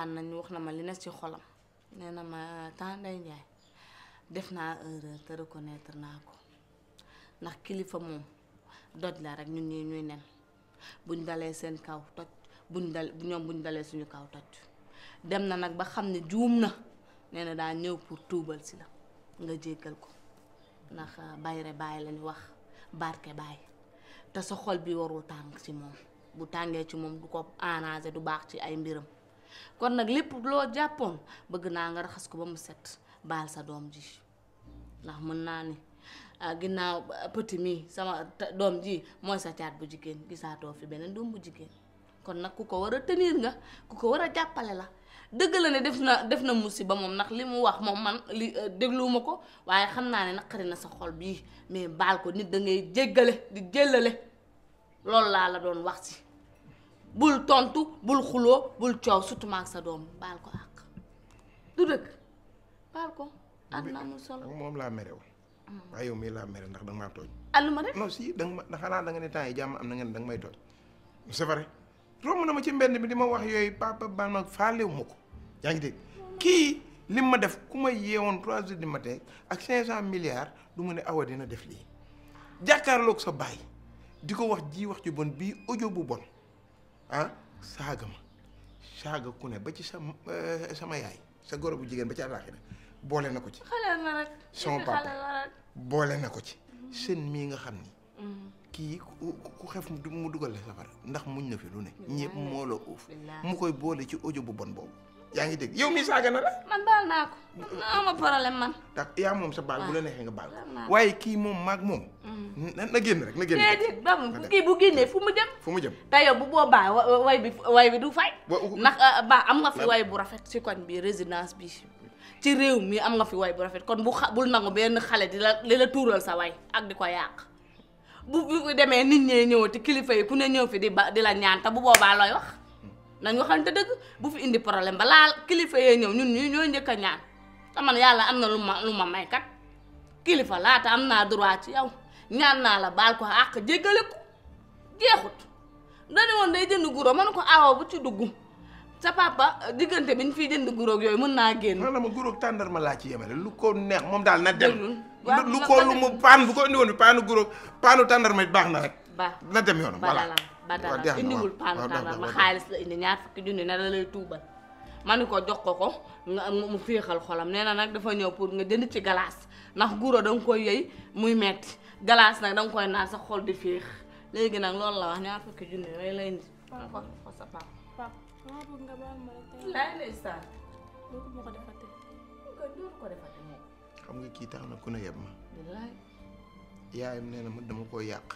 waxtaan nañ wax na ma li ne si xolam nee na ma temps day njaay def naa erreur te reconnaître naa ko ndax kilifa moom doj la rek ñun ñii ñuy nen buñ dalee seen kaw toj buñ dalee suñu kaw toj dem na nag ba xam ne juum na nee na daa ñëw pour tuubal si la nga jéggal ko ndax ah, bayre bàyyi lañu wax barke bàyyi te sa xol bi warul tàng ci moom bu tàngee ci moom du ko arrangé du baax ci ay mbiram kon nag lépp loo jàppoon bëgg naa nga raxas ko ba mu set baal sa doom ji ndax mën naa ni ginnaaw petit mi sama doom ji mooy sa caat bu jigéen gisaatoo fi beneen doom bu jigéen kon nag ku ko war a tëniir nga ku ko war a jàppale la dëgg la ne def na def na musiba moom ndax li mu wax moom man li e, dégluwuma ko waaye xam naa ne naqari na sa xol bii mais baal ko nit dangay jéggale di jéllale loolu laa la doon wax si bul tontu bul xuloo bul coow surtout maak sa doom baal ko àq du dëkk baal ko àdduna amul solo moom laa merew mm. waaye yow mii laa mere ndax danga maa tooñ allu ma def non si danga ma xanaa da nga ne temps yi jàmm am na nga ne danga may tooñ c'est vrai romb na ma ci mbedd bi di ma wax yooyu papa baal ma faalewu ma ko yaa ngi kii li ma def ku ma yeewoon trois heures du matin ak cinq cent milliards du ma ne awa dina def lii jàkkaarloog sa baay di ko wax ji wax ci bon bii audio bu bon ah saaga ma saaga ku ne ba ci sa eh, sama yaay sa goro bu jigéen ba ci àllaaxira boole na ko ci. na sama papa boole na ko ci. Mm-hmm. seen mii nga xam ni. Mm-hmm. kii ku xef mu dugal la safara ndax muñ na fi lu ne. ñëpp moo la uuf mu koy boole ci audio bu bon boobu. yaa ngi dégg yow mi saaga na la. man baal naa ko ama problème man. tax yaa moom sa baal bu la neexee nga baal ko. waaye kii moom maag moom. Mm. na génn rek na génn. déedéet ba mu kii bu génnee fu mu jëm. fu mu jëm te bu boobaa way bi bi du fay. ndax ah, ba am nga fi way bu rafet si koñ bii résidence bi ci réew mii am nga fi way bu rafet kon bu xa bul nangu benn xale di la di la tuural sa way ak di ko yàq. bu bu demee nit ñee ñëwati kilifa yi ku ne ñëw fi di ba di la ñaan te bu boobaa looy wax. nañ waxante dëgg bu fi indi problème balaa kilifa yee ñëw ñun ñu ñooy njëkk a ñaan te man yàlla am na lu ma lu ma may kilifa laata am naa droit ci yow ñaan naa la baal ko àq jéggale ko jeexut dañu woon day jënd guro man ko awa bu ci dugg sa papa diggante bi ñu fiy jënd guróog yooyu mën naa génn. maanaam guróog tàndarma laa ci yemale lu ko neex moom daal na dem. lu ko lu mu paan bu ko indi woon bi paanu guróog paanu tàndarma baax na rek. ba na dem yoonam voilà ba dara indiwul paanu tàndar ma xaalis la indi ñaar fukki junni na la lay tuubal ma ni ko jox ko ko nga mu féexal xolam nee na nag dafa ñëw pour nga jënd ci galaas ndax guro da nga koy yëy muy metti galaas nag da nga koy naan sa xol di féex léegi nag loolu la wax ñaar fukki junni rek la indi ma sa papa papa maa bëgg nga baal xam nga kii tax na ku ne yeb ma yaayam nee ma dama koo yàq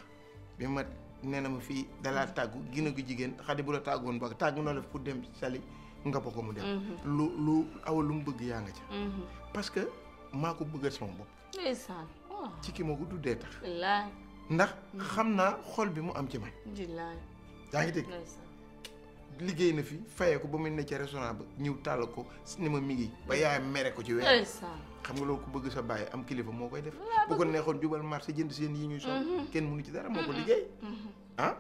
bi ma nee na ma fii dalaa tàggu gina gu jigéen xadi bu la tàggoon ba tàggu na la pour dem sali nga ko mu dem. Mhm. lu lu awa lu mu bëgg yaa nga ca. Mhm. parce que maa ko bëggal sama bopp. ndeysaan oh. ci ki ma ko tuddee tax. ndax mhm. xam naa xol bi mu am ci man. yaa liggéey na fi fayee ko ba muy ne ca restaurant ba ñëw tàll ko ni ma mi ngi ba yaay mere ko ci weer xam nga loo ko bëgg sa bàyyi am kilifa moo koy def bu ko neexoon jubal marché jënd seen yi ñuy sol mhm. kenn mu mënu ci dara moo ko mhm. liggéey mhm. ah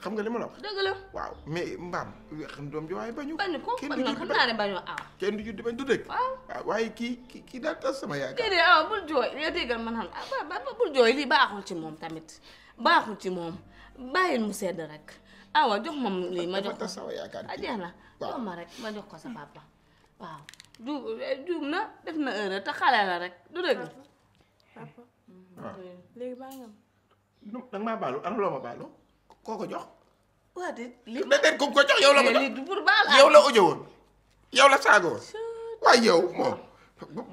xam nga li ma la wax dëgg la waaw mais mbaam xam doom ji waaye bañu kenn du juddi bañ kenn du juddi bañ du ah, waaye kii kii kii daal sama yaakaar déedéet aw ah, bul jooy yow déggal man xam ah, bul jooy lii baaxul ci moom tamit baaxul ci moom bàyyil mu sedd rek ah waaw jox moom lii ma jox ko sama yaakaar ah, na jox ma ma jox sa papa waaw juum eh, juum na def na erreur te xale la rek du dëgg papa danga maa baalu loo ma koo ko jox waa de li ko ko jox yow la ma eh, jox yow la ojo woon yow la saagoo waaye yow moom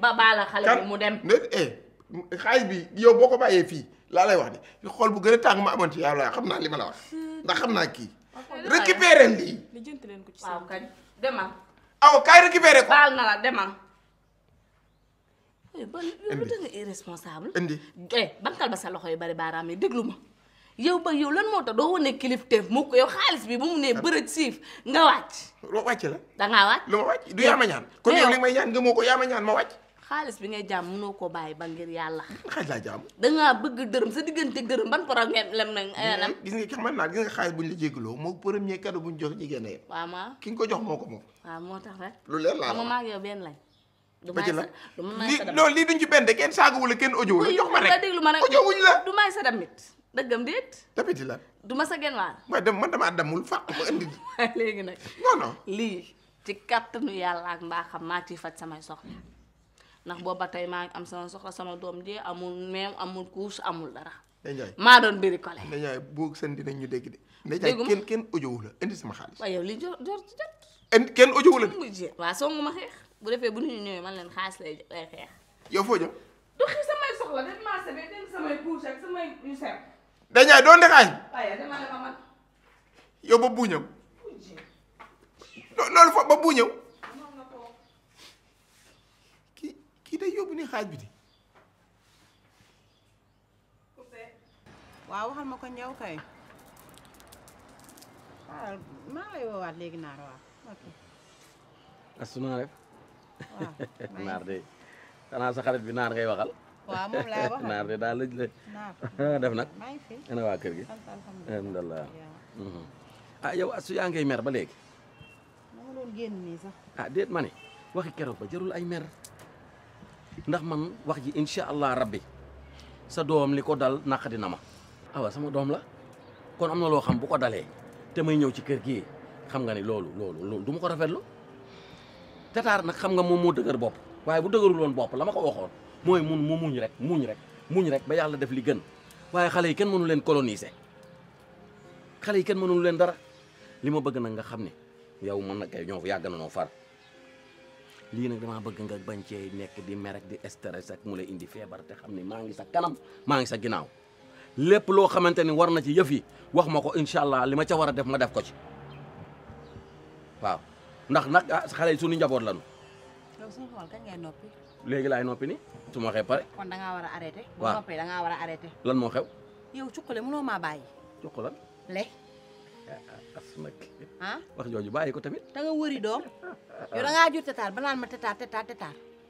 ba baala xale bi mu dem eh, xaalis bi yow boo ko bàyyee fii laa lay wax ni xool bu gën a tàng ma amoon ci yow laa xam naa li la wax ndax xam naa kii. récupérer lii. lijjanti leen ko ci waaw kañ demal. aw kaay récupérer ko. baal na la demal. Eh, indi da nga irresponsable. indi eh bankal ba sa loxo yi bari baaraam yi déglu ma. yow ba yow lan moo tax doo wane kilifteef mu ko yow xaalis bi ba mu nee bërëj siif nga wàcc. wàcc la. da ngaa wàcc. lu ma wàcc du yaa ma ñaan. Eh, ko yaa ma ñaan ma wàcc. xaalis bi ngay jàmm mënoo koo bàyyi ba ngir yàlla. xaalis laa jaam. dangaa bëgg dërëm sa diggante dërëm ban problème lem nañ. Eh, gis nga ki xam naa gis nga xaalis buñ la jégaloo moo premier cadeau buñ jox jigéen ñi. waaw ma ki ko jox moo ko moom. moo tax rek. lu leer ma ak yow benn lañ. du may sa du may sa non lii duñ ci benn de kenn saagawul la kenn audio la jox ma rek déglu ma rek audio wuñ la du may sa damit dëggam déet. dabiti la. du ma sa genn waal. waaye dem man damaa damul fàq ma indi. léegi nag non non lii ci kàttanu yàlla ak mbaaxam maa ciy faj samay soxla ndax booba tey maa ngi am sama soxla sama doom jee amul meem amul couche amul dara. maa doon bëri kole. Ndeye Ndiaye boog seen ñu dégg de. dégg kenn kenn audio la indi sama xaalis. waaw yow li jor jot. indi kenn audio la de. waaw soo ma xeex bu defee bu nu ñu ñëwee man leen xaalis lay lay xeex. yow foo jëm. doxi samay soxla dem maa sebet doon def añ. la ko man. yow ba bu loolu fa ba bu kii day yóbbu ni xaaj biti waaw waxal ma ko kay waaw maa lay woowaat léegi naar waaw ok astu naar de xanaa naar ngay waxal waaw moom laay nag maa ngi fi ana waa kër gi alhamdulilah mhm. ah yaa ba léegi ma nga doon génn nii sax ah déet ma ne waxi keroog ba ay mer ndax man wax ji incha allah rabbi sa doom li ko dal naq dina ma. awa sama doom la kon am na loo xam bu ko dalee te may ñëw ci kër gi xam nga ni loolu loolu loolu du ma ko rafetlu tataar nag xam nga moom moo dëgër bopp waaye bu dëgërul woon bopp la ma ko waxoon mooy mun mu muñ rek muñ rek muñ rek ba yàlla def li gën waaye xale yi kenn mënu leen coloniser xale yi kenn mënu leen dara li ma bëgg nag nga xam ni yow man nag ñoo yàgg na noo far. lii nag damaa bëgg nga bañ cee nekk di mer ak di stress ak mu lay indi feebar te xam ne maa ngi sa kanam maa ngi sa ginnaaw lépp loo xamante ni war na ci yëf yi wax ma ko incha allah li ma ca war a def ma def ko ci waaw ndax nag ah, xale yi suñu njaboot la yow suñu xool noppi. léegi laay noppi ni su ma waxee pare. kon da ngaa war a arrêté. waaw bu noppee da ngaa a arrêté. lan moo le. asmak ah wax jooju ko tamit da wëri doom yow da ngaa jur tetaar ba naan ma tetaar tetaar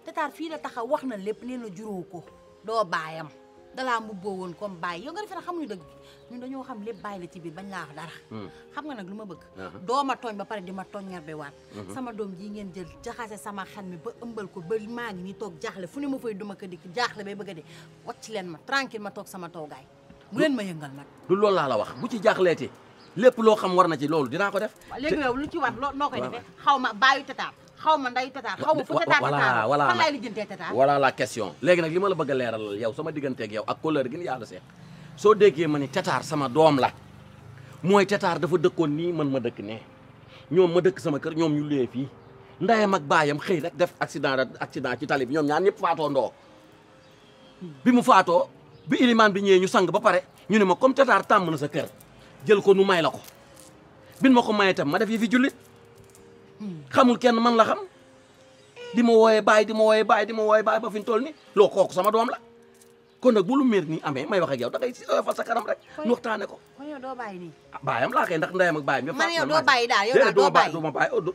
tetaar fii la taxaw wax na lépp nee a juróo ko doo baayam dalaa mbubboo woon comme bàyyi baay nga defe ne xamuñu dëgg ñun dañoo xam lépp bàyyi la ci biir bañ laa wax dara hmm. xam nga nag lu ma bëgg uh-huh. dooma tooñ ba pare di ma tooñ ñarbe waat uh-huh. sama doom ji ngeen jël jaxase sama xel mi ba ëmbal ko ba maa ngi toog jaaxle fu ne ma fay duma ko dikk jaaxle bay bëgg a dee wacc leen ma tranquille ma toog sama toogaay bu leen ma yëngal nag du loolu laa la wax bu ci jaaxleeti lépp loo xam war na ci loolu dinaa ko def. léegi yow lu ci war noo koy defee xaw ma baayu tataar xaw ma ndeyu tataar xaw ma fu tataar tataar voilà fan laay lijjantee tataar la question léegi nag li ma la bëgg a leeralal yow sama digganteeg yow ak kóllëre gi yàlla soo déggee ma ni tataar sama doom la mooy tataar dafa dëkkoon nii man ma dëkk ne ñoom ma dëkk sama kër ñoom ñu lee fii ndayam ak baayam xëy rek def accident accident ci tali bi ñoom ñaar ñëpp faatoo ndoo bi mu faatoo bi ilimaan bi ñëwee ñu sang ba pare ñu ne ma comme tataar tàmm na sa kër jël ko nu may la ko bin ma ko may itam ma def yi fi jullit xamul kenn man la xam di ma wooyee baay di ma wooyee baay di ma wooyee baay ba fi ñu toll nii loo kooku sama doom la kon nag bu lu mer nii amee may wax ak yow dangay a fa sa kanam rek. ñu taane ko. kon yow doo bàyyi nii. ah baayam laa koy ndax ndeyam ak baayam. man yow doo bàyyi daal yow daal doo ma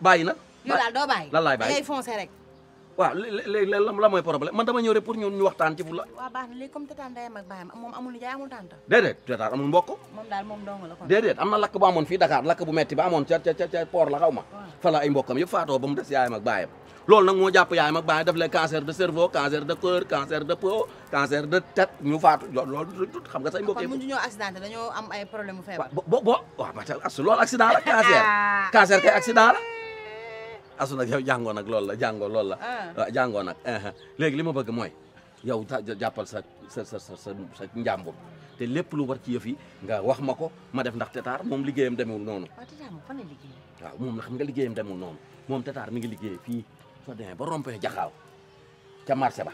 bàyyi oh, nag. yow daal lan laay bàyyi da rek. waaw léegi lan la mooy problème man dama ñëw rek pour ñu ñu waxtaan ci fu la. waaw na léegi comme tata ndeyam ak baayam moom amul nijaay amul tante. déedéet tata amul mbokk. moom daal moom dong la kon. déedéet am fii Dakar lakk bu metti ba amoon ca ca ca port ma. fa la ay mbokkam yëpp mu des yaayam ak baayam. loolu nag moo jàpp yaayam ak baayam daf lay cancer cancer de cœur cancer de peau cancer de tête ñu faatu loolu xam nga say mbokk yi. kon mënuñu bo bo waaw parce accident la cancer asu nag yow jàngoo nag loolu la jàngoo loolu la waaw ah. ah, jàngoo nag eh, eh. léegi li ma bëgg mooy yow jàppal sa sa sa sa sa njàmbur te lépp lu war ci yëf yi nga wax ma ko ma def ndax tetaar moom liggéeyam demewul noonu waaw moom la xam nga liggéeyam demewul noonu moom tetaar mi ngi liggéey fii soo demee ba rompee jaxaaw ca marché ba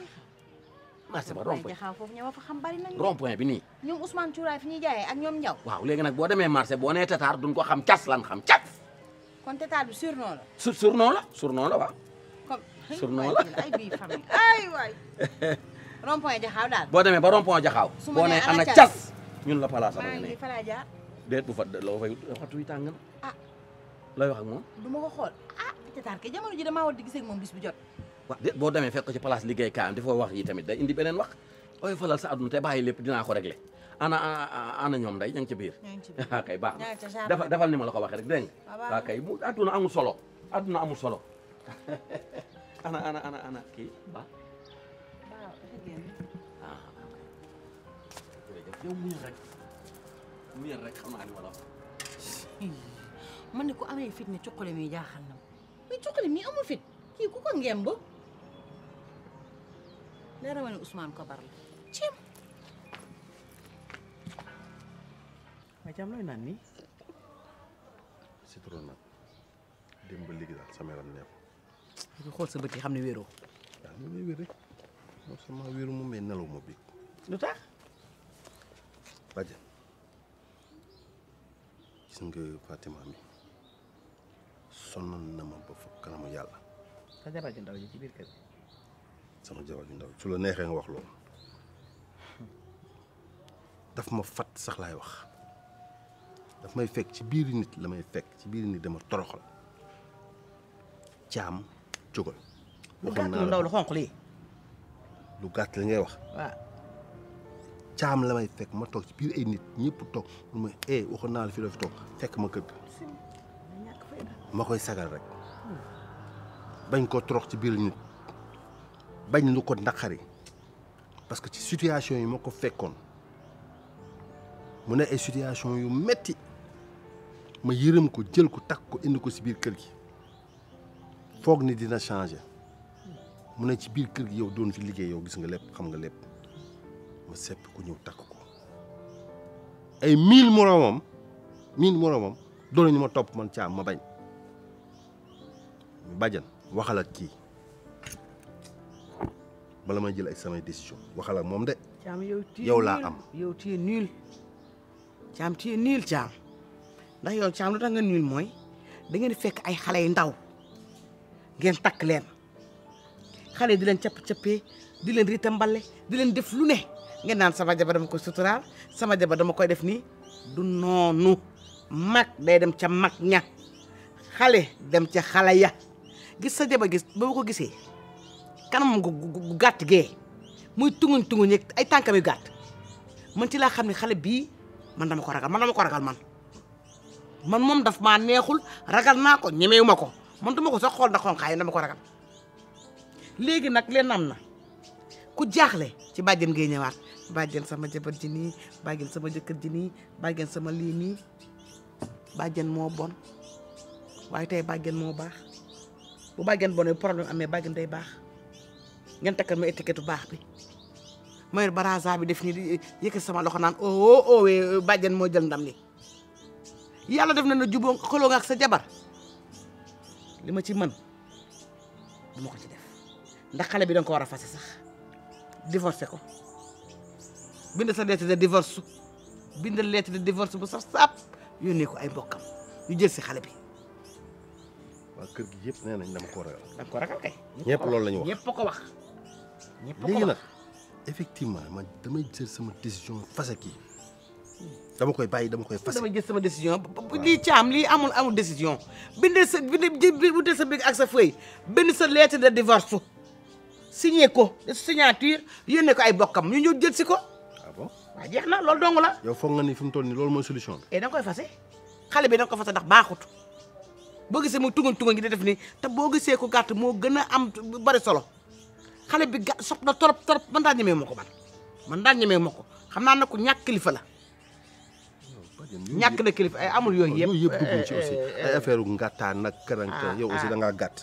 marché ba rond point foofu ña fa xam bari nañu rond point bi nii ñoom Ousmane Cuuraay fi ñuy jaayee ak ñoom Njaw waaw léegi nag boo demee marché boo nee tetaar duñ ko xam cas lan xam cas kon tata bi surnom la. su la surnom la waaw. comme surnom ay bii famille ay waay. rond point jaxaaw daal. boo demee ba rond point jaxaaw. su ma nee ana cas ñun la bu fa loo fay waxtu wi tàng na. ah looy wax ak moom. du ma ko xool ah ke jamono ji damaa war di moom bis boo demee fekk ko ci place liggéey kaam dafa wax yi tamit day indi beneen wax ooy falal sa àdduna te bàyyi lépp dinaa ko réglé. ana ana ñoom nday ña ngi ci biir waaw kay baax na defal ni ma la ko waxee rek dégg nga waaw kay mu adduna amul solo adduna amul solo ana ana ana ana kii ba ah, yow muyal rek muyal rek xam naa ni wala man ne ku amee fit ne cuqale mi jaaxal na mais cuqale mi amul fit kii ku ko ngemb leera ma ne Ousmane Kobar la waaye jàmm looy naan nii. citron nag dem ba léegi daal sama yaram neexul. nga xool sa bët yi xam ne wéeroo. waaw man de wéer rek moom sama wéeru mu may nelaw ma bi. lu tax. bàjjen gis na ma ba fa kanamu sa jabar ju ndaw ji ci biir kër su la neexee nga wax loolu. daf ma fat sax laay wax. daf may fekk ci biir nit la may fekk ci biir nit dama toroxal caam jógal. waxoon naa la ngay wax. waaw caam la may fekk ma toog ci biir ay nit ñëpp toog mu ma eh waxoon naal fi la fi toog fekk ma këdd. ma koy sagal rek. bañ koo torox ci biir nit bañ lu ko naqari parce que ci situation yi ma ko fekkoon mu ne ay situation yu metti ma yërëm ko jël ko takk ko indi ko si biir kër gi foog ni dina changé mu ne ci biir kër gi yow doon fi liggéey yow gis nga lépp xam nga lépp ma sepp ku ñëw takk ko ay mille moroomam mille moroomam doon ñu ma topp man caam ma bañ bajan waxal ak kii bala may jël ay samay décision waxal moom de. caam yow laa am yow tu es nul caam caam. ndax yow caam lu tax nga ñuul mooy da ngeen fekk ay xale yu ndaw ngeen takk leen xale yi di leen capp cappee di leen riita mbale leen def lu ne ngeen naan sama jabar dama koy suturaal sama jabar dama koy def nii du noonu mag day dem ca mag ña xale dem ca xale ya gis sa jabar gis ba ko gisee kanam gu gàtt gee muy tunguñ tunguñ ay tànkam yu gàtt man ci laa xam ne xale bii man ko ragal man dama ko ragal man man moom daf ma neexul ragal naa ko ñemewu ma ko man duma ko sax xool ndax xonqaay dama ko ragal léegi nag leen am na ku jaaxle ci bàjjen ngay ñëwaat bàjjen sama jabar ji nii bàjjen sama jëkkër ji nii bàjjen sama lii nii bàjjen moo bon waaye tey bàjjen moo baax bu bàjjen bonee problème amee bàjjen day baax ngeen takkal ma étiquette bu baax bi mooy baraza bi def nii yëkkati sama loxo naan oo oh, oo oh, oh, eh, bàjjen moo jël ndam li yàlla def na na juboo xoloo nga ak sa jabar li ma ci man duma ko ci def ndax xale bi danga ko war a fase sax divorcé ko bind sa lettre de divorce bind lettre de divorce bu saf sap yónnee ko ay mbokkam ñu jël si xale bi kër gi yëpp nee nañ dama ko ragal dama ko ragal kay ñëpp loolu la ñu wax ñëpp ko wax ñëpp ko wax léegi effectivement man damay jël sama décision fase kii dama koy bàyyi dama koy fas. dama jël sama décision lii caam lii amul amul décision bindal sa bindal sa bic ak sa feuille bind sa lettre de divorce signé ko signature yónnee ko ay bokkam ñu ñëw jël si ko. ah bon waaw jeex na loolu dong la. yow foog nga ni fi mu toll nii loolu mooy solution bi. eh da nga koy fase xale bi da nga ko fase ndax baaxut boo gisee mu tunguñ tunguñ gi di def nii te boo gisee ko gàtt moo gën a am bari solo xale bi ga sopp na torop torop man daa ñemee ma ko man man daa ñemee ma ko xam naa ne ko ñàkk kilifa la. ñàkk na kilifa ay eh, amul yooyu yëpp. yooyu yëpp dugg ci eh, aussi eh, ay affaire yu ngàttaan nag karante ah, yow aussi ah. da ngaa gàtt.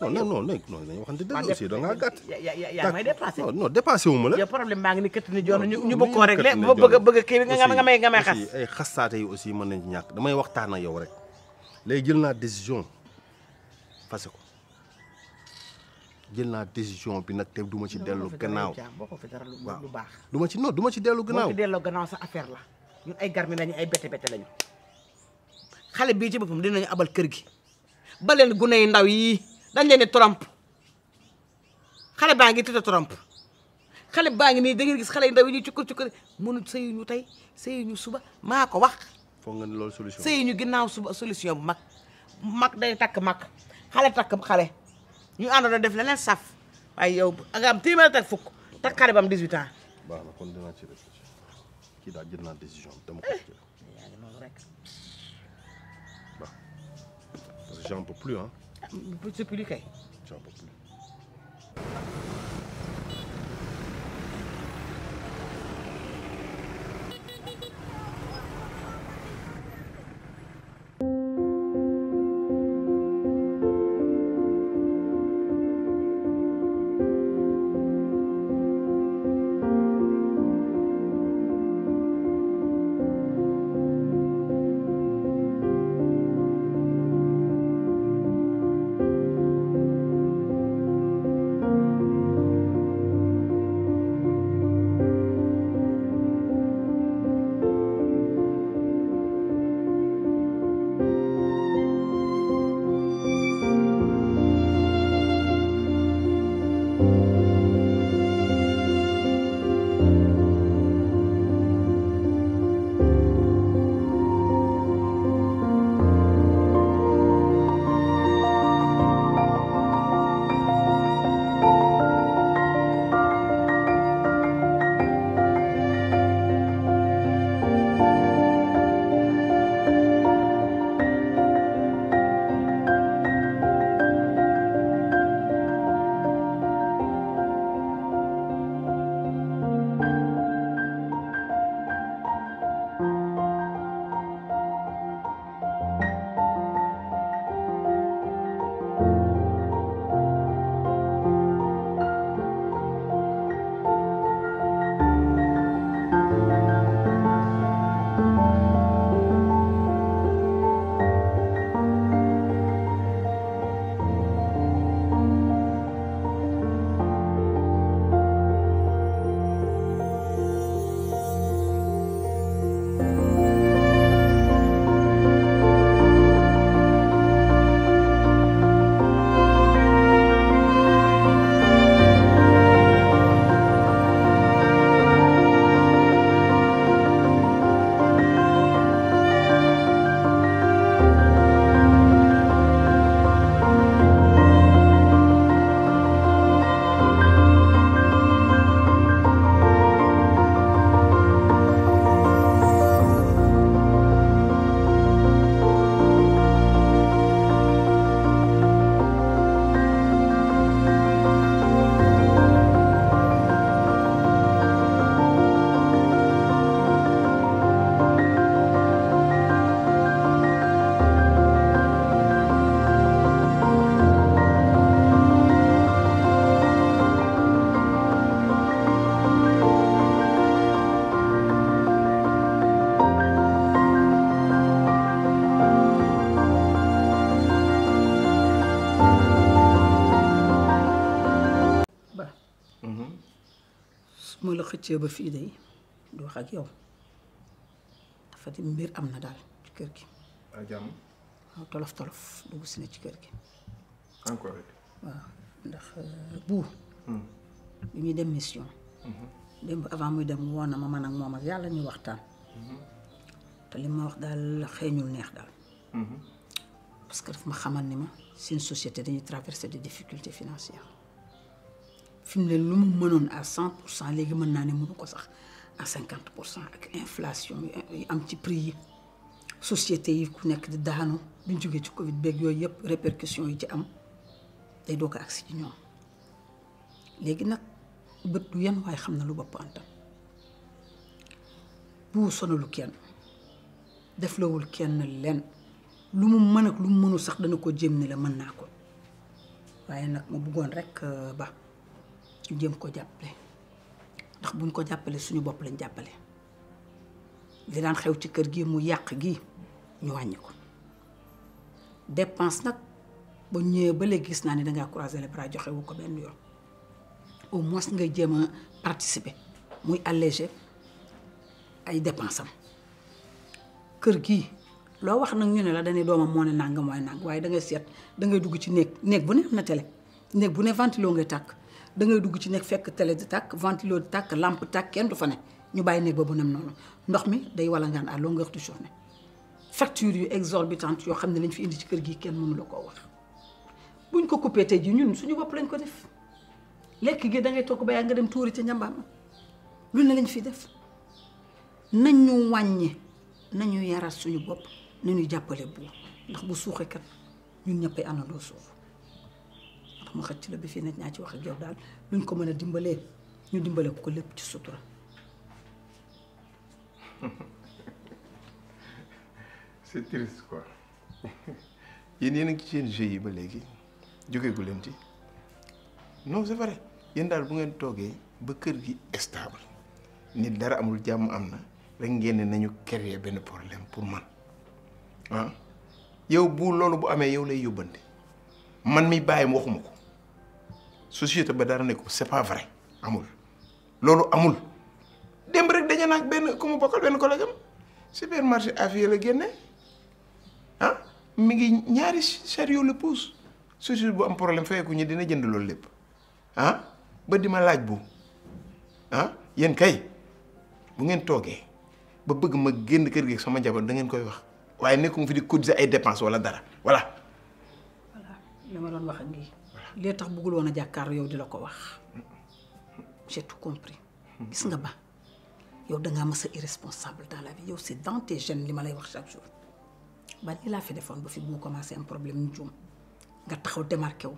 non non non non dañuy waxante dëgg aussi da ngaa gàtt. yaa may dépassé non non dépassé wu ma la. yow problème baa ngi ni këtt ni joon ñu ñu bëgg koo réglé ba bëgg bëgg kii bi nga nga may nga may xas. ay xasaate yi aussi mën nañu ñàkk damay waxtaan ak yow rek léegi jël naa décision fase ko jël naa décision bi nag te du ma ci dellu gannaaw waaw du ma ci non du ma ci dellu gannaaw. boo ci dellu gannaaw sa affaire la. ñun ay garmi lañu ay bette bette lañu xale bii ci boppam dinañu abal kër gi ba leen gune yu ndaw yii dañ leen di trompe xale baa ngi tudd trompe xale baa ngi nii da ngeen gis xale yu ndaw yi ñuy cukkur cukkur mënu sëyu ñu tey sëyu ñu suba maa ko wax. foog nga loolu solution sëyu ñu ginnaaw suba solution bu mag mag day takk mag xale takk xale ñu àndoon def leneen saf waaye yow nga am téeméer tak fukk takk xale ba am 18 ans. baax na kon dinaa ci réfléchir kii daal jël naa décision dama ko parce que j'en peux plus ah. j'en peux plus kay. plus. xëccee ba fii day du wax ak yow dafa di mbir am na daal ci kër gi ak jàmm waaw tolof tolof dugg si na ci kër gi encore waaw ndax euh, buur hmm. bi ñuy dem mission hmm. démb avant muy dem woon na ma man ak moom ak yàlla ñuy waxtaan hmm. te li ma wax daal xeeñul neex daal parce que daf ma xamal ni ma seen société dañuy traverser des difficultés financières fi mu ne lu mu mënoon à cent cent léegi mën naa ne mënu ko sax a cinquante pour cent ak inflation yi am ci prix yi société yi ku nekk di daanu duñ jógee ci Covid beeg yooyu yëpp répercussions yi ci am day doog a agsi ci ñoom léegi nag bët du yenn waaye xam na lu bopp antam bu sonalu kenn deflewul kenn lenn lu mu mën ak lu mu mënul sax dana ko jéem ni la mën naa ko waaye nag ma bëggoon rekk euh, ba ñu jéem ko jàppale ndax buñ ko jàppale suñu bopp lañ jàppale li daan xew ci kër gi mu yàq gi ñu wàññi ko dépense nag ba ñëwee ba léegi gis naa ni dangaa croiser les bras joxe wu ko benn yoon au moins ngay jéem a participer muy alléger ay dépense kër gi loo wax nag ñu ne la dañuy doomam moo ne nangam waaye nang waaye dangay seet dangay dugg ci néeg néeg bu ne am na télé néeg bu ne ventilo ngay tàkk da ngay dugg ci nekk fekk télé di tàkk ventilo di tàkk lampe tàkk kenn du fa ne ñu bàyyi néeg ba bu nem noonu ndox mi day walangaan à longueur de journée factures yu exorbitantes yoo xam ne lañ fi indi ci kër gi kenn mënu la koo wax buñ ko coupé tey ji ñun suñu bopp lañ ko def lekk gi da ngay toog ba yaa nga dem tuuri ca njambaam lu ne lañ fi def nañu wàññi nañu yaraat suñu bopp nañu jàppale buur ndax bu suuxee kat ñun ñëppay àndandoo suuf ma xëcc la bi fii nag ñaa ci wax ak yow daal luñ ko mën a dimbalee ñu dimbale ko lépp ci sutura c'est triste quoi yéen yéen ngi ci seen jeu yi ba léegi jógeegu leen ci non c'est vrai yéen daal bu ngeen toogee ba kër gi stable nit dara amul jàmm am na rek ngeen nañu créer benn problème pour man ah yow bu loolu bu amee yow lay yóbbante man mi bàyyi waxuma ko société ba dara ne ko c'est pas vrai amul loolu amul démb rek dañu nag benn ku mu bokkal benn collègue am supermarché affaire la génne ah mi ngi ñaari chariot le pousse société bu am problème feeku ñi dina jënd loolu lépp ah ba di ma laaj bu ah yéen kay bu ngeen toogee ba bëgg ma génn kër gi sama njaboot da ngeen koy wax waaye nekkuma fi di cotiser ay dépenses wala dara voilà. voilà li ma doon wax lee tax bëggul a jàkkaar yow di la ko wax j'ai tout compris gis nga ba yow dangaa mës a irresponsable dans la vie yow si dans tes gènes li ma lay wax chaque jour ba lii laa fi defoon ba fi bu mu commencé am problème ñu juum nga taxaw démarqué wu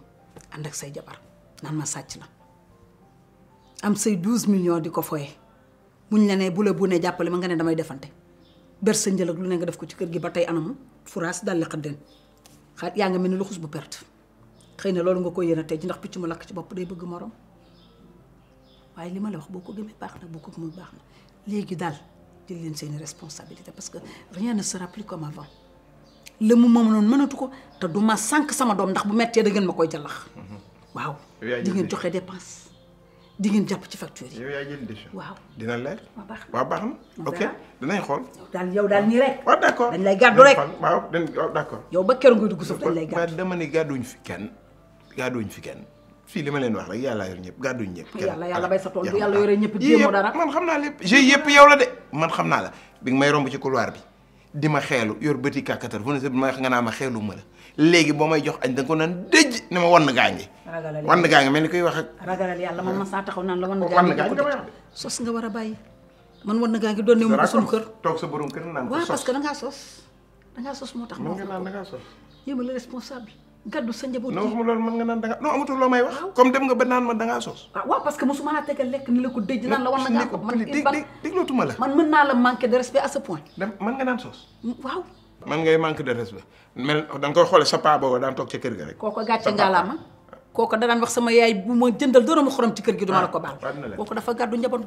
ànd ak say jabar naan ma sàcc la am say douze million di ko foye muñ la ne bu la bu ne jàppale ma nga ne damay defante ber sa njël lu ne nga def ko ci kër gi ba tey anamu furaas dal la xëddeen xaat yaa nga mel ni lu bu perte xëy na loolu nga ko yéene tey ji ndax picc mu lakk ci bopp day bëgg morom waaye li ma la wax boo ko gëmee baax na boo ko gëmul baax na léegi daal jël leen seeni responsabilité parce que rien ne sera plus comme avant la mu moom noonu mënatu ko te du ma sànq sama doom ndax bu mettee da ngeen ma koy jalax mm-hmm. waaw di ngeen joxe dépense di ngeen jàpp ci facture yi. yow yaa jël décision waaw dina leer. waaw baax na waaw xool. daal yow daal nii rek. waaw d' dañ lay gàddu rek. waaw dañ waaw d' accord. yow ba keroog nga dugg suuf dañ lay gàdduñ fi kenn fii li ma leen wax rek yàlla yor ñëpp gàdduñ ñëpp. yàlla man xam naa lépp jeu yëpp yow la de man xam naa la bi may romb ci couloir bi di ma xeelu yor bëti kàkkatar fu ne sa ma nga naa ma xeelu la léegi boo may jox añ da ko naan dëj ne ma wann gaa ngi wann gaa ngi mel ni koy wax ak ragalal man saa taxaw naan la wann gaa ngi sos nga war a bàyyi man wann gaa ngi doon ne mu ko kër toog sa borom kër naan ma nga naan dangaa gaddu sa njaboot non waxuma loolu mën nga naan danga non amatul loo may wax comme dem nga ba naan ma dangaa sos ah, waaw parce que mosuma la tegal lekk naan la war man déglootuma la de respect à ce point dem mën nga naan sos waaw man ngay manque de respect mel da koy xoole sa paa booba daan toog ca kër ga rek kooko gàcce ngaalaama kooko danaan wax sama yaay bu ma jëndal dërëmu xorom ci kër gi duma la ko baal ah, kooko dafa gàddu njaboot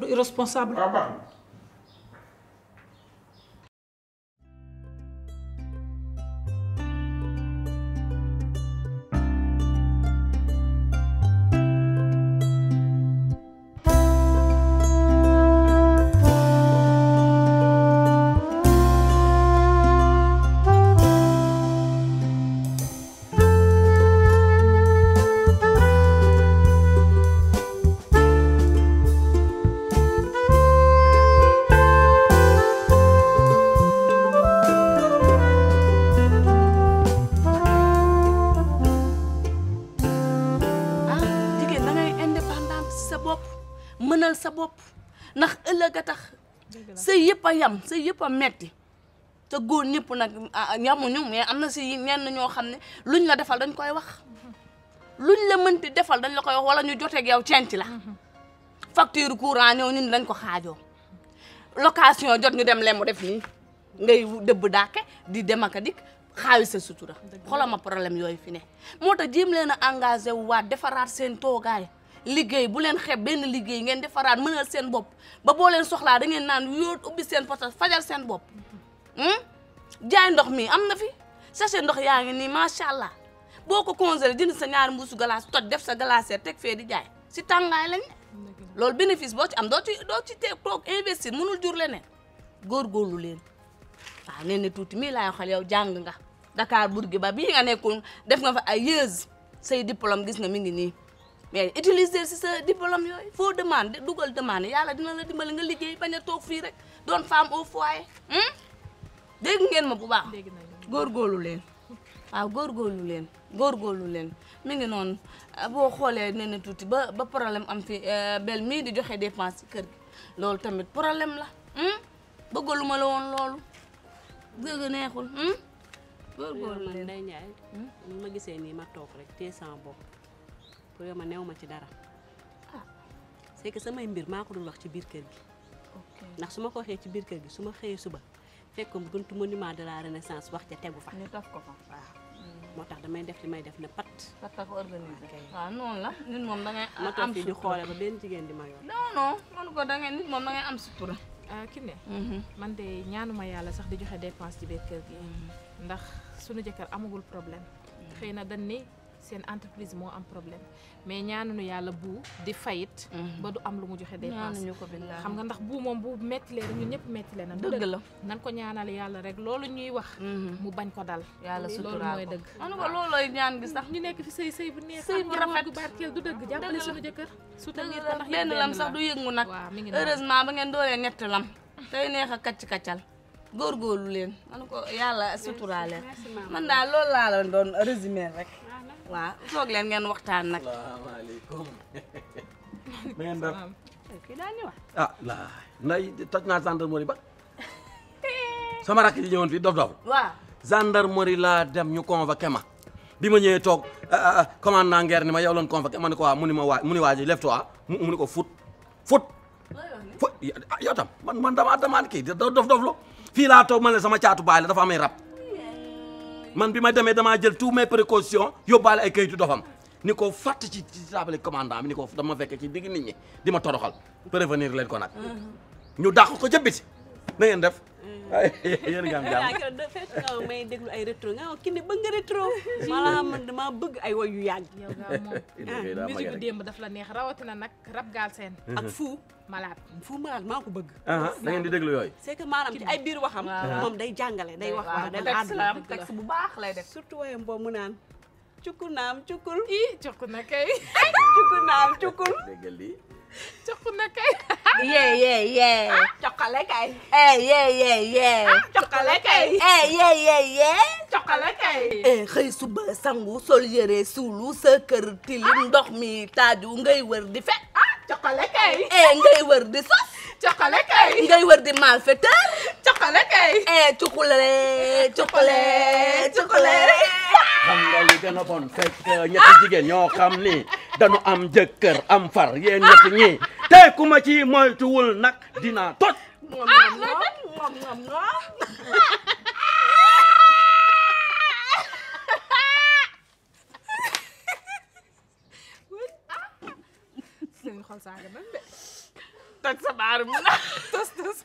muñal sa bopp ndax ëllëg a tax sëy yëpp yam sëy yëpp a metti te góor ñëpp nag ah, ah, yamuñu mais am na si ñenn ñoo xam ne luñ la defal dañ koy wax luñ la mënti defal dañ la koy wax wala ñu joteeg yow cent la facture courant ñëw ñun dañ ko xaajoo location jot ñu dem leen mu def nii ngay dëbb daake di dem ak a dikk xaalis sa sutura xolama problème yooyu fi ne moo tax jéem leen a engagé wu defaraat seen toogaay liggéey bu leen xeeb benn liggéey ngeen defaraat mënal seen bopp ba boo leen soxlaa da ngeen naan yóot ubbi seen poche fajal seen bopp hmm? jaay ndox mi am na fi sachet ndox yaa ngi nii macha allah boo ko congelé jënd sa ñaari mbuusu glace toj def sa glacière teg fee di jaay si tàngaay lañ loolu bénéfice boo ci am doo ci doo ci teg toog investir mënul jur leneen góorgóorlu leen waaw nee ne tuuti mii laay waxal yow jàng nga Dakar Bourguiba bii nga nekkul def nga fa ay yées say gis nga mi ngi nii mais utiliser si sa diplôme yooyu foo demande dugal demande yàlla dina la dimbali nga liggéey ba a toog fii rek doon femme au foyer. Hmm? dégg ngeen ma bu baax. dégg nañu góorgóorlu leen waaw góorgóorlu leen góorgóorlu leen mi ngi noon ah, boo xoolee nee na tuuti ba ba problème am fi eh, bel mii di joxe dépense kër gi loolu tamit problème la hmm? bëggaluma la woon loolu dëgg neexul hmm? góorgóorlu leen. man day ñaay ma gisee nii ma toog rek tee sama bopp. pour yow ma new ma ci dara ah samay mbir maa ko doon wax ci biir kër gi ndax su ma ko waxee ci biir kër gi su ma xëyee suba fekkoon buntu monument de la renaissance wax ca tegu fa ñu taf ko fa mm. moo tax damay def li may def ne pat. pat ko organisé waaw ah, noonu la nit moom da ngay ma toog di xoole ba benn jigéen di ma yor. non da ngay nit am sutura. Ah, mm-hmm. man de ñaanuma yàlla sax di joxe dépense ci biir kër gi. Mm-hmm. ndax sunu jëkkër amagul problème. Mm-hmm. xëy na dañ ni seen entreprise moo am problème mais ñaana ñaanuñu yàlla bu di fayit mhm. ba du am lu mu joxe dépense xam nga ndax bu moom bu metti leen ñun ñëpp metti leen dëgg la nan ko ñaanal yàlla rek loolu ñuy wax mhm. mu bañ ko dal yàlla suturaal ko loolu mooy dëgg man ko loolooy ñaan gi sax ñu nekk fi sëy sëy bu neex sëy bu rafet bu barkeel du dëgg jàppale suñu jëkkër soutenir ko ndax benn lam sax du yëngu nag heureusement ba ngeen doolee ñett lam tey neex a kacc kaccal góorgóorlu leen man ko yàlla suturaale man daal loolu laa la doon résumé rek waaw soog leen ngeen waxtaan nag. salaamaaleykum. na ngeen def kii ah, ba. sama rakk yi ñëwoon fii dof dof waaw gendarmerie laa dem ñu convoqué ma. bi ma ñëwee toog ah, ah, commandant guerre ni ma yow loon convoqué ma ne ko mu ni ma waa mu ni ji lève toi mu ni ko fut fut. fut yow tam man man damaa demande dof dof la. fii laa toog ma ne sama caatu baay la dafa amee rab. man bi ma demee damaa jël tous mes précautions yóbbaale ay kayitu dofam ni ko fàtt ci ci table commandant bi ni ko dama fekk ci digg nit ñi di ma toroxal prévenir leen ko nag mhm. ñu dàq ko ca biti na ngeen yéen nga am jàmm may ay rétro nga ki ne bëgg nga rétro maanaam man damaa bëgg ay woy yu yàgg yow gaa ah, démb daf la neex rawatina nag rab gaal seen ak mhm. fuu malade fuu malade maa ko bëgg ah, ah, da ngeen di déglu yooy c'est que maanaam ci ay biir waxam moom day jàngale day wax day àdd bu baax lay def surtout woyam boobu mu naan cukku naam cukkul i cukku na kay cukku naam cukkul Coxna kay. yee yee yee. coxale kay. yee yee yee. coxale yee yee yee. coxale kay. suba sangu sol yére suulu sa kër tilim ndox mi taaju ngay wër di fet. coxale kay. ngay wër di sos. coxale kay. ngay di malfaiteur. coxale kay. cuxule cuxule cuxule. xam nga li gën a bon fekk ñetti jigéen ñoo xam ni dañu am jëkkër am far yéen ñett ñi te ku ma ci moytuwul nag dina tot xol saaga ba toj sa baar mu na tos tos